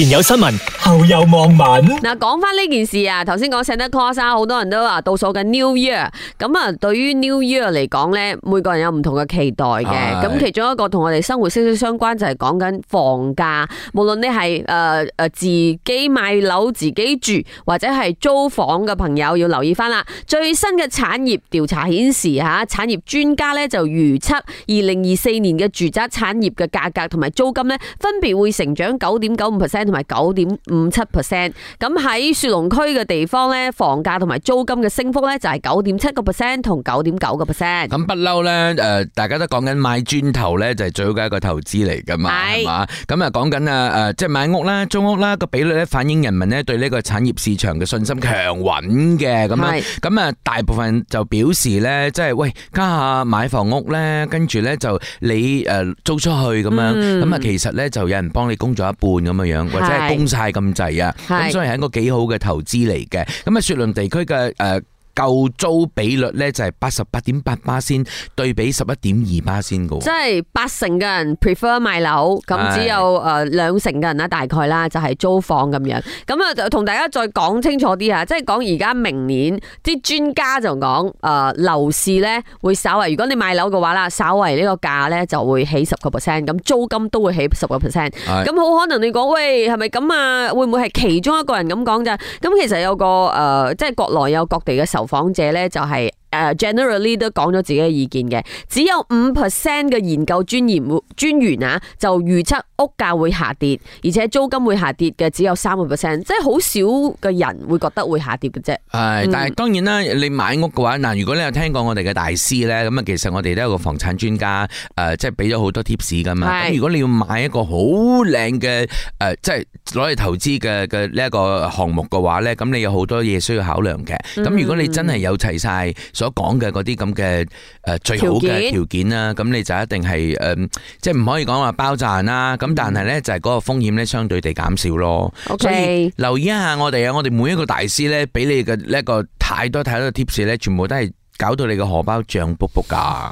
前有新聞，後有網民。嗱，講翻呢件事啊，頭先講 Santa Claus，好多人都話倒數緊 New Year。咁啊，對於 New Year 嚟講呢，每個人有唔同嘅期待嘅。咁的其中一個同我哋生活息息相關，就係講緊房價。無論你係誒誒自己買樓自己住，或者係租房嘅朋友，要留意翻啦。最新嘅產業調查顯示吓，產業專家呢就預測，二零二四年嘅住宅產業嘅價格同埋租金呢，分別會成長九點九五 percent。同埋九點五七 percent，咁喺雪隆區嘅地方咧，房價同埋租金嘅升幅咧就係九點七個 percent 同九點九個 percent。咁不嬲咧，誒，大家都講緊買磚頭咧就係最好嘅一個投資嚟噶嘛，係嘛？咁啊講緊啊誒，即係買屋啦、租屋啦個比率咧，反映人民咧對呢個產業市場嘅信心強穩嘅咁樣。咁啊，大部分就表示咧，即係喂家下買房屋咧，跟住咧就你誒租出去咁樣，咁啊其實咧就有人幫你供咗一半咁嘅樣。或者係供晒咁滯啊，咁是所以係一個幾好嘅投資嚟嘅。咁啊是，雪倫地區嘅誒。呃夠租比率咧，就係八十八點八巴仙，對比十一點二巴仙嘅。即係八成嘅人 prefer 買樓，咁只有誒兩成嘅人啦，大概啦就係租房咁樣，咁啊就同大家再講清楚啲啊，即係講而家明年啲專家就講誒樓市咧會稍為，如果你買樓嘅話啦，稍為呢個價咧，就會起十個 percent，咁租金都會起十個 percent，咁好可能你講喂，係咪咁啊？會唔會係其中一個人咁講咋？咁其實有個誒即係國內有各地嘅受。訪者呢，就係、是。誒 generally 都講咗自己嘅意見嘅，只有五 percent 嘅研究專員專員啊，就預測屋價會下跌，而且租金會下跌嘅，只有三個 percent，即係好少嘅人會覺得會下跌嘅啫。係，但係當然啦，嗯、你買屋嘅話，嗱，如果你有聽過我哋嘅大師咧，咁啊，其實我哋都有個房產專家，誒、呃，即係俾咗好多 tips 噶嘛。咁是如果你要買一個好靚嘅，誒、呃，即係攞嚟投資嘅嘅呢一個項目嘅話咧，咁你有好多嘢需要考量嘅。咁如果你真係有齊晒所講嘅嗰啲咁嘅誒最好嘅條件啦，咁件你就一定係誒、呃，即係唔可以講話包賺啦。咁但係呢，就係、是、嗰個風險呢，相對地減少咯。Okay 所以留意一下我哋啊，我哋每一個大師呢，俾你嘅呢個太多太多嘅 tips 咧，全部都係搞到你嘅荷包漲卜卜噶。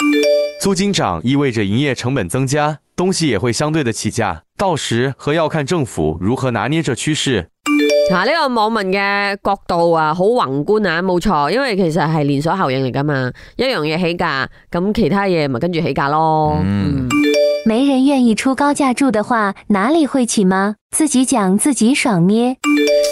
租金漲意味着營業成本增加，東西也會相對地起價，到時和要看政府如何拿捏這趨勢。嗱，呢個網民嘅角度啊，好宏觀啊，冇錯，因為其實係連鎖效應嚟㗎嘛，一樣嘢起價，咁其他嘢咪跟住起價咯。嗯，沒人願意出高價住的話，哪裏會起嗎？自己講自己爽咩？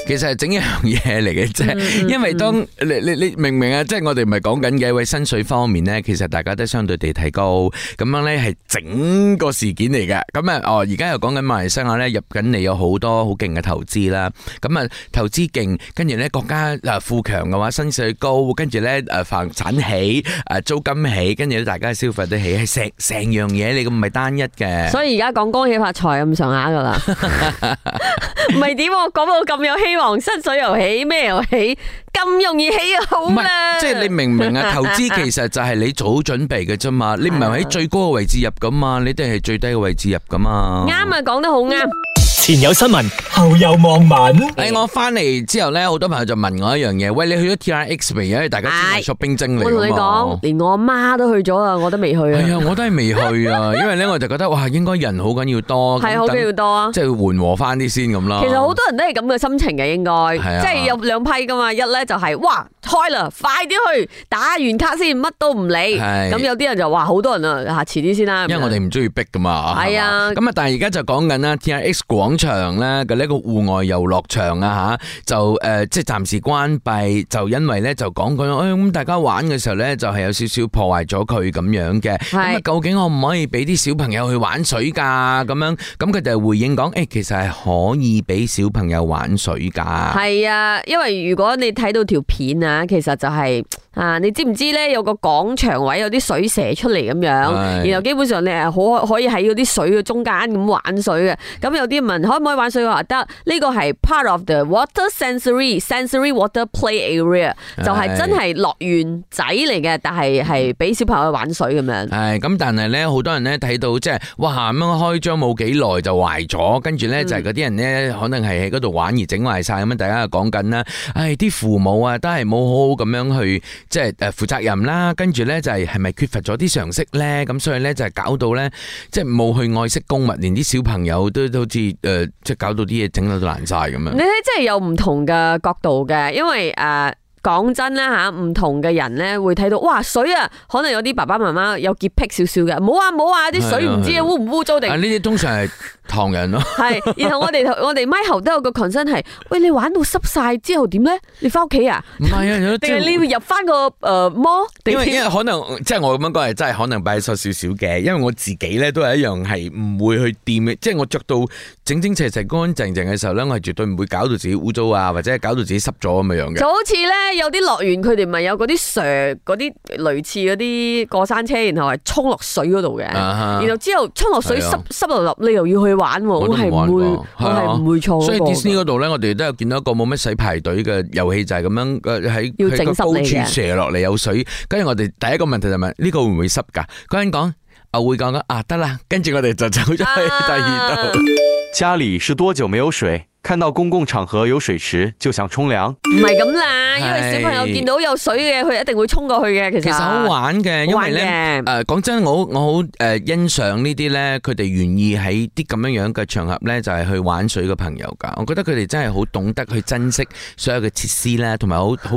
其實係整一樣嘢嚟嘅啫，因為當你你你明唔明啊？即係我哋唔係講緊嘅，因為薪水方面咧，其實大家都相對地提高，咁樣咧係整個事件嚟嘅。咁啊哦，而家又講緊馬來西亞咧，入緊嚟有好多好勁嘅投資啦。咁啊，投資勁，跟住咧國家誒富強嘅話，薪水高，跟住咧誒房產起，誒租金起，跟住咧大家消費得起，成成樣嘢你咁唔係單一嘅。所以而家講恭喜發財咁上下噶啦。 唔係點我講到咁有希望？薪水又起咩？又起咁容易起好啦？即係你明唔明啊？投資其實就係你做好準備嘅啫 嘛，你唔係喺最高嘅位置入噶嘛，你哋係最低嘅位置入噶嘛。啱 啊，講得好啱。前有新聞，後有網民。喺我翻嚟之後咧，好多朋友就問我一樣嘢，喂，你去咗 TRX 未？因為大家知我屬冰精嚟，我同你講，連我阿媽都去咗啦，我都未去啊。係啊，我都係未去啊，因為咧我就覺得哇，應該人好緊要多，係好緊要多啊，即係緩和翻啲先咁啦。其實好多人都係咁嘅心情嘅，應該，即係有兩批噶嘛，一咧就係哇開啦，快啲去打完卡先，乜都唔理。係咁，有啲人就話好多人啊，吓遲啲先啦。因為我哋唔中意逼噶嘛，係啊。咁啊，但係而家就講緊啦，TRX 廣。場咧嘅呢個戶外遊樂場啊吓，就誒、呃、即係暫時關閉，就因為咧就講佢，誒、哎、咁大家玩嘅時候咧就係、是、有少少破壞咗佢咁樣嘅。咁啊是，究竟我可唔可以俾啲小朋友去玩水噶？咁樣咁佢就回應講，誒、哎、其實係可以俾小朋友玩水噶。係啊，因為如果你睇到條片啊，其實就係、是。啊，你知唔知咧？有個廣場位有啲水射出嚟咁樣，然後基本上你係好可以喺嗰啲水嘅中間咁玩水嘅。咁有啲問可唔可以玩水？我話得呢個係 part of the water sensory sensory water play area，就係真係樂園仔嚟嘅，但係係俾小朋友去玩水咁樣。係咁，但係咧，好多人咧睇到即係哇咁樣開張冇幾耐就壞咗，跟住咧就係嗰啲人咧可能係喺嗰度玩而整壞晒。咁大家講緊啦，唉、哎，啲父母啊都係冇好好咁樣去。即係誒負責任啦，跟住咧就係係咪缺乏咗啲常識咧？咁所以咧就係搞到咧，即係冇去愛惜公物，連啲小朋友都好似誒，即係搞到啲嘢整到都爛晒咁樣。你睇即係有唔同嘅角度嘅，因為誒。呃講真啦吓，唔同嘅人咧會睇到哇水啊，可能有啲爸爸媽媽有潔癖少少嘅，冇啊冇啊啲水唔知、啊啊、污唔污糟定。啊呢啲通常係唐人咯、啊。係， 然後我哋 我哋咪後都有個 concern 係，喂你玩到濕晒之後點咧？你翻屋企啊？唔係啊，有啲即係你會入翻個誒、呃、魔。因為，因為可能 即係我咁樣講係真係可能拜託少少嘅，因為我自己咧都係一樣係唔會去掂嘅，即、就、係、是、我着到整整齊齊、乾乾淨淨嘅時候咧，我係絕對唔會搞到自己污糟啊，或者係搞到自己濕咗咁樣樣嘅。就好似咧。有啲樂園佢哋咪有嗰啲蛇，嗰啲類似嗰啲過山車，然後係衝落水嗰度嘅。啊、哈然後之後衝落水濕濕立立，你又要去玩，我係唔會，我係唔會錯。所以 Disney 嗰度咧，我哋都有見到一個冇乜使排隊嘅遊戲就係、是、咁樣，誒喺喺個高處射落嚟有水。跟住我哋第一個問題就問：呢的個會唔會濕噶？嗰人講啊會講啊，得啦。跟住我哋就走咗去第二度。啊、家裏是多久沒有水？看到公共場合有水池就想沖涼，唔係咁啦，因為小朋友見到有水嘅，佢是一定會沖過去嘅。其實好玩嘅，玩因為咧，誒的，講、呃、真，我我好誒欣賞呢啲咧，佢哋願意喺啲咁樣樣嘅場合咧，就係去玩水嘅朋友噶。我覺得佢哋真係好懂得去珍惜所有嘅設施咧，同埋好好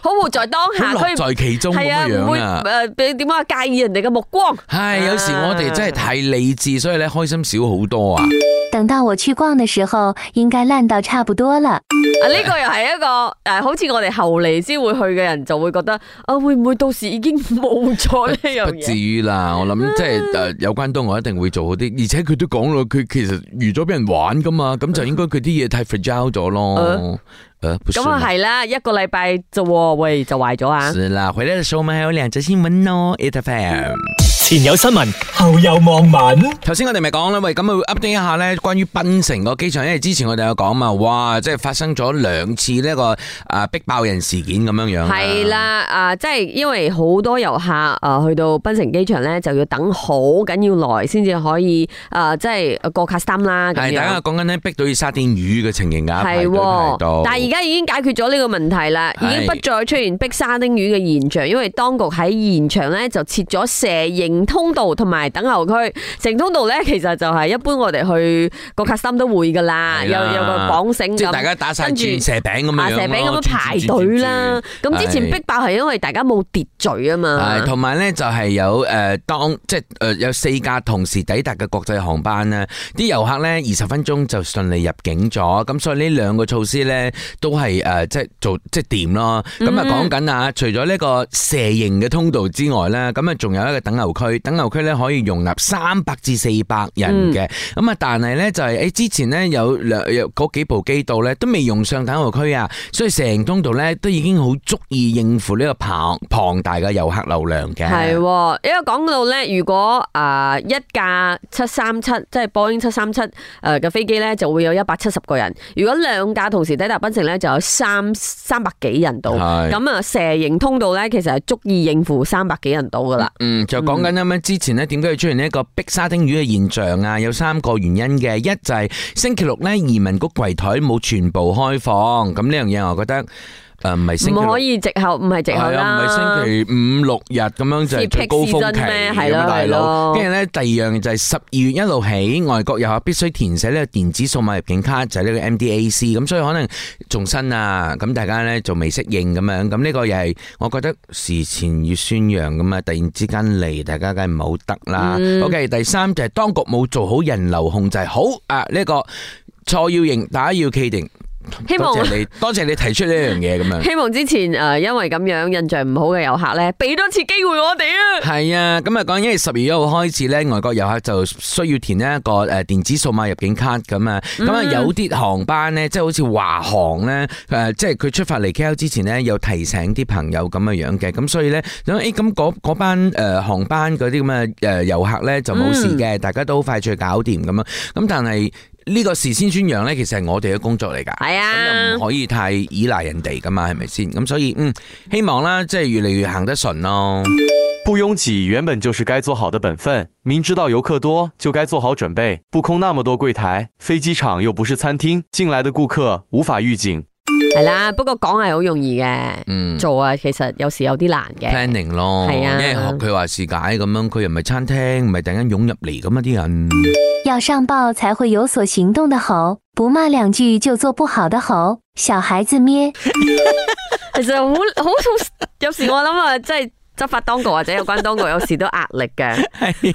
好活在當下，樂在其中。係啊，唔樣會誒俾點啊介意人哋嘅目光。係有時我哋真係太理智，所以咧開心少好多啊。等到我去逛嘅時候，應該爛到差不多了， 啊呢、這個又係一個誒、啊，好似我哋後嚟先會去嘅人就會覺得，啊會唔會到時已經冇咗呢樣嘢？不至於啦，我諗即係誒有關東我一定會做好啲，而且佢都講咯，佢其實預咗俾人玩噶嘛，咁就應該佢啲嘢太 fragile 咗咯。嗯咁啊係啦，一個禮拜就喂就壞咗啊！係啦，回來嘅時候我咪還有兩則新聞咯，it’s a fan。前有新聞，後有網民。頭先我哋咪講啦，喂，咁啊 update 一下咧，關於檳城個機場，因為之前我哋有講嘛，哇，即係發生咗兩次呢個啊逼爆人事件咁樣樣。係啦，啊，即係因為好多遊客啊去到檳城機場咧，就要等好緊要耐先至可以啊，即係過卡森啦。係，大家講緊咧逼到要沙甸魚嘅情形噶，係，但係。而家已經解決咗呢個問題啦，已經不再出現逼沙丁魚嘅現象，因為當局喺現場咧就設咗蛇形通道同埋等候區。蛇形通道咧其實就係一般我哋去個核心都會噶啦，有有個綁繩，即係大家打曬鑽蛇餅咁樣，蛇餅咁樣排隊啦。咁之前逼爆係因為大家冇秩序啊嘛，同埋咧就係有誒當即誒有四架同時抵達嘅國際航班啦，啲遊客咧二十分鐘就順利入境咗，咁所以呢兩個措施咧。都係誒、呃、即係做即係掂咯。咁啊、嗯，講緊啊，除咗呢個蛇形嘅通道之外咧，咁啊，仲有一個等候區。等候區咧可以容納三百至四百人嘅。咁啊、嗯，但係咧就係、是、誒、欸、之前咧有兩有幾部機到咧都未用上等候區啊，所以蛇形通道咧都已經好足以應付呢個龐龐大嘅遊客流量嘅。係，因為講到咧，如果啊、呃、一架七三七，即係波音七三七誒嘅飛機咧，就會有一百七十個人。如果兩架同時抵達檳城咧，就有三三百幾人到，咁啊是蛇形通道咧，其實係足以應付三百幾人到噶啦、嗯。嗯，就講緊啱啱之前呢，點解會出現呢一個逼沙丁魚嘅現象啊？有三個原因嘅，一就係星期六咧，移民局櫃台冇全部開放，咁呢樣嘢我覺得。誒，唔係星期，唔可以藉口，唔係藉口啦。係啊，唔係星期五六日咁樣就係最高峰期，係咯，大佬。跟住咧，第二樣就係十二月一路起，外國遊客必須填寫呢個電子數碼入境卡，就係呢個 MDAC。咁所以可能仲新啊，咁大家咧仲未適應咁樣。咁呢個又係我覺得事前要宣揚噶嘛，突然之間嚟，大家梗係唔好得啦。OK，第三就係當局冇做好人流控制，好啊，呢個錯要認，打要企定。希望多你多謝你提出呢樣嘢咁樣， 希望之前誒、呃、因為咁樣印象唔好嘅遊客咧，俾多次機會我哋啊。係啊，咁啊講，因為十月一號開始咧，外國遊客就需要填呢一個誒電子數碼入境卡咁啊，咁啊、嗯、有啲航班咧，即係好似華航咧，誒即係佢出發嚟 KL 之前咧，有提醒啲朋友咁樣的樣嘅，咁所以咧，咁誒咁嗰班誒、呃、航班嗰啲咁啊誒遊客咧就冇事嘅，嗯、大家都快脆去搞掂咁樣，咁但係。呢個事先宣揚呢，其實係我哋嘅工作嚟噶，咁又唔可以太依賴人哋噶嘛，係咪先？咁所以，嗯，希望啦，即係越嚟越行得順咯。不擁擠原本就是該做好的本分，明知道遊客多就該做好準備，不空那麼多櫃台，飛機場又不是餐廳，進來的顧客無法預警。係啦，不過講係好容易嘅。嗯，做啊，其實有時有啲難嘅，planning 咯，係啊，因為學佢話事解咁樣，佢又唔係餐廳，唔係突然間湧入嚟咁啊，啲人，要上報才會有所行動的猴，不罵兩句就做不好的猴，小孩子咩， 其實好好有時我諗啊，真係。執法當局或者有關當局有時都壓力嘅，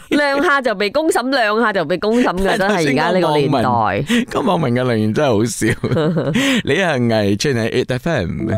兩下就被公審，兩下就被公審嘅，真係而家呢個年代，咁網民嘅留言真係好少。你係藝出嚟，H F M。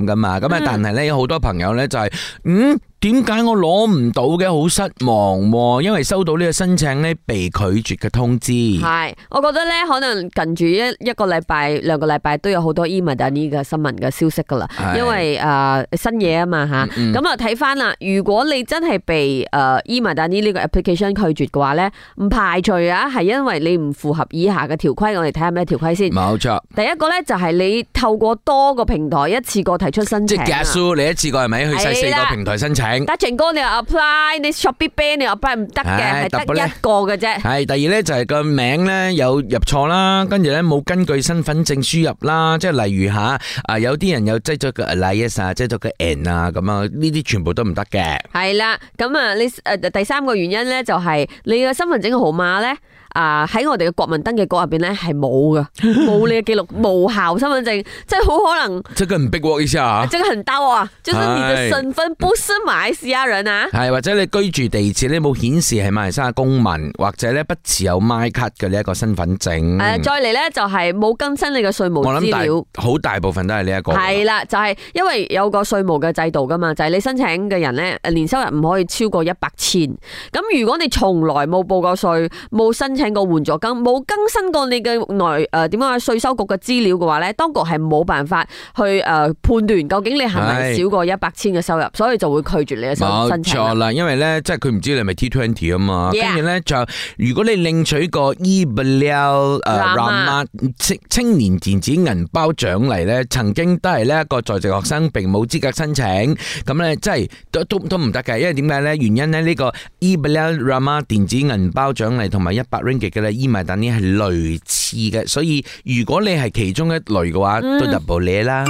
咁噶咁啊，但係咧，有好多朋友咧就係，嗯。點解我攞唔到嘅？好失望喎，啊，因為收到呢個申請咧被拒絕嘅通知。係，我覺得咧可能近住一一個禮拜、兩個禮拜都有好多 eMadani 呢個新聞嘅消息噶啦，是因為誒、呃、新嘢，嗯嗯、啊嘛吓。咁啊睇翻啦，如果你真係被誒、呃、eMadani 呢呢個 application 拒絕嘅話咧，唔排除啊係因為你唔符合以下嘅條規。我哋睇下咩條規先。冇錯錯，第一個咧就係、是、你透過多個平台一次過提出申請。即係 get through 你一次過係咪去晒四個平台申請？得陳哥，你話 apply，你 shopping 俾、e，你 apply 唔得嘅，係得、哎、一個嘅啫、哎。係第二咧，就係個名咧有入錯啦，跟住咧冇根據身份證輸入啦，即係例如吓啊，有啲人又擠咗個 lies 啊，擠咗個 n 啊，咁啊，呢啲全部都唔得嘅。係啦，咁、呃、啊，你誒第三個原因咧，就係你嘅身份證嘅號碼咧。啊！喺我哋嘅國民登記局入邊咧，係冇嘅，冇你嘅記錄，無效身份證，即係好可能， 即係唔逼屈一下啊，即係肯兜啊，即係你嘅身份不是馬來西亞人啊，係或者你居住地址咧冇顯示係馬來西亞公民，或者咧不持有 m 卡嘅呢一個身份證，誒、啊，再嚟咧就係冇更新你嘅稅務資料，好大，大部分都係呢一個，係啦，就係、是、因為有個稅務嘅制度噶嘛，就係、是、你申請嘅人咧，誒，年收入唔可以超過一百千，咁如果你從來冇報過稅，冇申請過援助金冇更新過你嘅內誒點樣稅收局嘅資料嘅話咧，當局係冇辦法去誒判斷究竟你係咪少過一百千嘅收入，所以就會拒絕你嘅申請。冇錯啦，因為咧即係佢唔知你係咪 T20 啊嘛，跟住咧就如果你領取個 eBelia 誒 Rahmah 青青年電子銀包獎勵咧，曾經都係咧一個在籍學生並冇資格申請，咁咧即係都都都唔得嘅，因為點解咧？原因咧呢個 eBelia Rahmah 電子銀包獎勵同埋一百。嘅啦，煙霾等啲係類似嘅，所以如果你係其中一類嘅話，都入部列啦。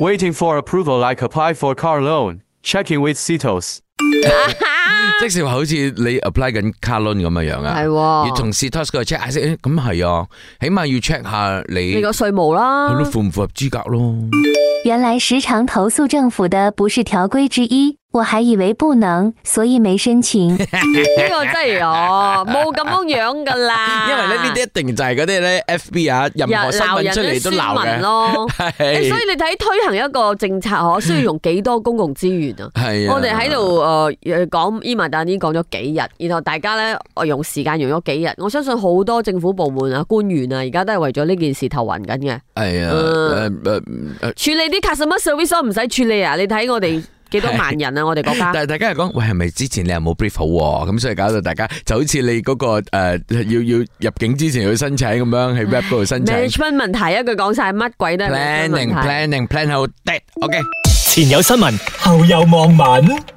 Waiting、嗯、for approval like apply for a car loan, checking with Citos。即係話好似你 apply 緊卡 loan 咁嘅樣啊，係對、哦。要同 Citos 嗰個 check 先，咁係啊，起碼要 check 下你。你個歲毛啦，佢都符唔符合資格咯？原來時常投訴政府的不是條規之一。我還以為不能，所以沒申請。呢個真係哦，冇咁樣樣噶啦。因為咧呢啲一定就係嗰啲咧，F B 啊，任何新聞出嚟都鬧嘅。 誒、哎，所以你睇推行一個政策我需要用幾多公共資源啊？係 是、啊。我哋喺度誒講，eMadani 已經講咗幾日，然後大家咧我用時間用咗幾日。我相信好多政府部門啊、官員啊，而家都係為咗呢件事頭暈緊嘅。係、哎呀嗯、啊。啊處理啲 customer service 唔使處理啊？你睇我哋。幾多萬人啊！ 我哋國家， 但係大家係講，喂，係咪之前你又冇 brief 好喎、啊？咁所以搞到大家就好似你嗰、嗰個、呃、要要入境之前要申請咁樣，喺 Web 嗰度申請。咩新聞問題？一句講曬乜鬼都係 Planning，問題 planning, plan 好啲。OK，前有新聞，後有網民。